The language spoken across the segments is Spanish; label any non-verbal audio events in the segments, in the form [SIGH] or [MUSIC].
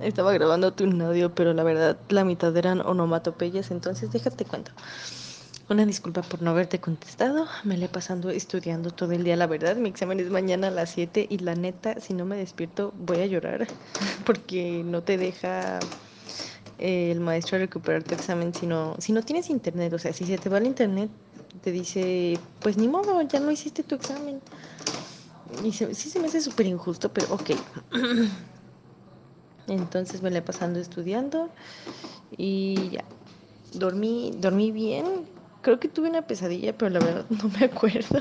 Estaba grabando un audio, pero la verdad la mitad eran onomatopeyas, entonces déjate cuento. Una disculpa por no haberte contestado. Me le he pasando estudiando todo el día, la verdad. Mi examen es mañana a las 7 y la neta, si no me despierto, voy a llorar [LAUGHS] porque no te deja eh, el maestro recuperar tu examen si no, si no tienes internet. O sea, si se te va el internet, te dice, pues ni modo, ya no hiciste tu examen. Y se, sí se me hace súper injusto, pero ok. [CLEARS THROAT] Entonces me la he pasando estudiando y ya. Dormí, dormí bien. Creo que tuve una pesadilla, pero la verdad no me acuerdo.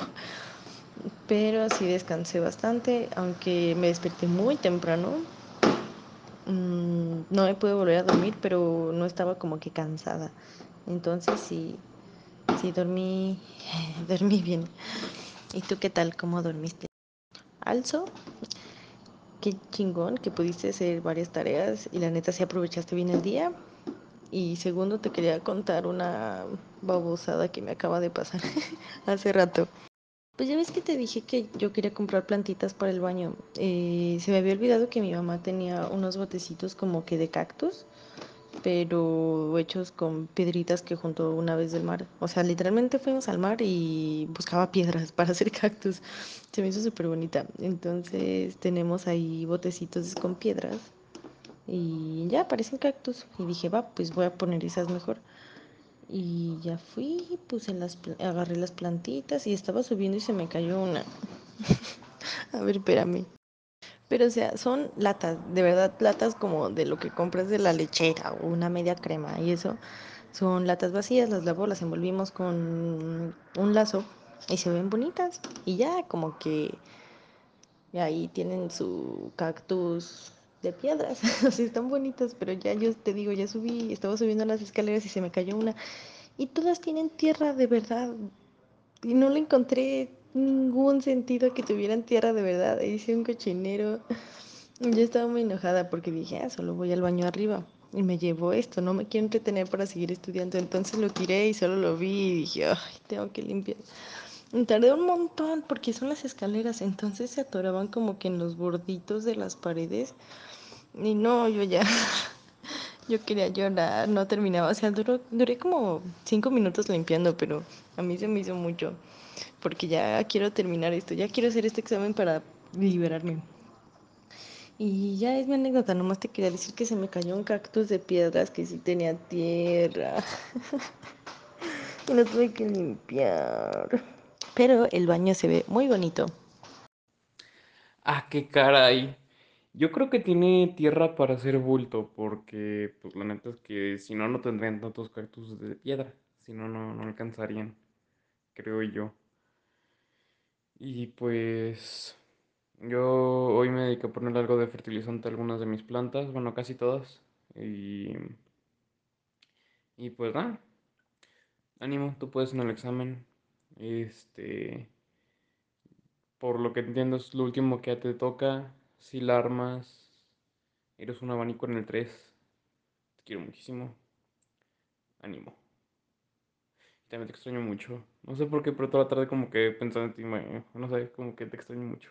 Pero así descansé bastante, aunque me desperté muy temprano. Mm, no me pude volver a dormir, pero no estaba como que cansada. Entonces sí, sí dormí, [LAUGHS] dormí bien. ¿Y tú qué tal? ¿Cómo dormiste? alzo qué chingón que pudiste hacer varias tareas y la neta sí aprovechaste bien el día. Y segundo, te quería contar una babosada que me acaba de pasar [LAUGHS] hace rato. Pues ya ves que te dije que yo quería comprar plantitas para el baño. Eh, se me había olvidado que mi mamá tenía unos botecitos como que de cactus pero hechos con piedritas que junto una vez del mar. O sea, literalmente fuimos al mar y buscaba piedras [LAUGHS] para hacer cactus. Se me hizo súper bonita. Entonces tenemos ahí botecitos con piedras y ya aparecen cactus. Y dije, va, pues voy a poner esas mejor. Y ya fui, puse las, agarré las plantitas y estaba subiendo y se me cayó una. [LAUGHS] a ver, espérame. Pero o sea, son latas, de verdad latas como de lo que compras de la lechera o una media crema y eso. Son latas vacías, las lavo, las envolvimos con un lazo y se ven bonitas. Y ya como que ahí tienen su cactus de piedras, [LAUGHS] o sea, están bonitas, pero ya yo te digo, ya subí, estaba subiendo las escaleras y se me cayó una. Y todas tienen tierra de verdad. Y no la encontré ningún sentido que tuvieran tierra de verdad. Hice un cochinero. Yo estaba muy enojada porque dije, ah, solo voy al baño arriba. Y me llevó esto, no me quiero entretener para seguir estudiando. Entonces lo tiré y solo lo vi y dije, ay, tengo que limpiar. tardé un montón porque son las escaleras, entonces se atoraban como que en los borditos de las paredes. Y no, yo ya [LAUGHS] Yo quería llorar, no terminaba. O sea, duró, duré como cinco minutos limpiando, pero a mí se me hizo mucho. Porque ya quiero terminar esto, ya quiero hacer este examen para liberarme. Y ya es mi anécdota, nomás te quería decir que se me cayó un cactus de piedras que sí tenía tierra. [LAUGHS] y lo tuve que limpiar. Pero el baño se ve muy bonito. Ah, qué caray. Yo creo que tiene tierra para hacer bulto, porque pues la neta es que si no, no tendrían tantos cactus de piedra, si no, no, alcanzarían, creo yo. Y pues yo hoy me dedico a poner algo de fertilizante a algunas de mis plantas, bueno, casi todas. Y, y pues nada, ánimo, tú puedes en el examen. Este, por lo que entiendo es lo último que ya te toca si la armas, eres un abanico en el 3. Te quiero muchísimo. Ánimo. También te extraño mucho. No sé por qué, pero toda la tarde como que pensando en ti, eh, no sé, como que te extraño mucho.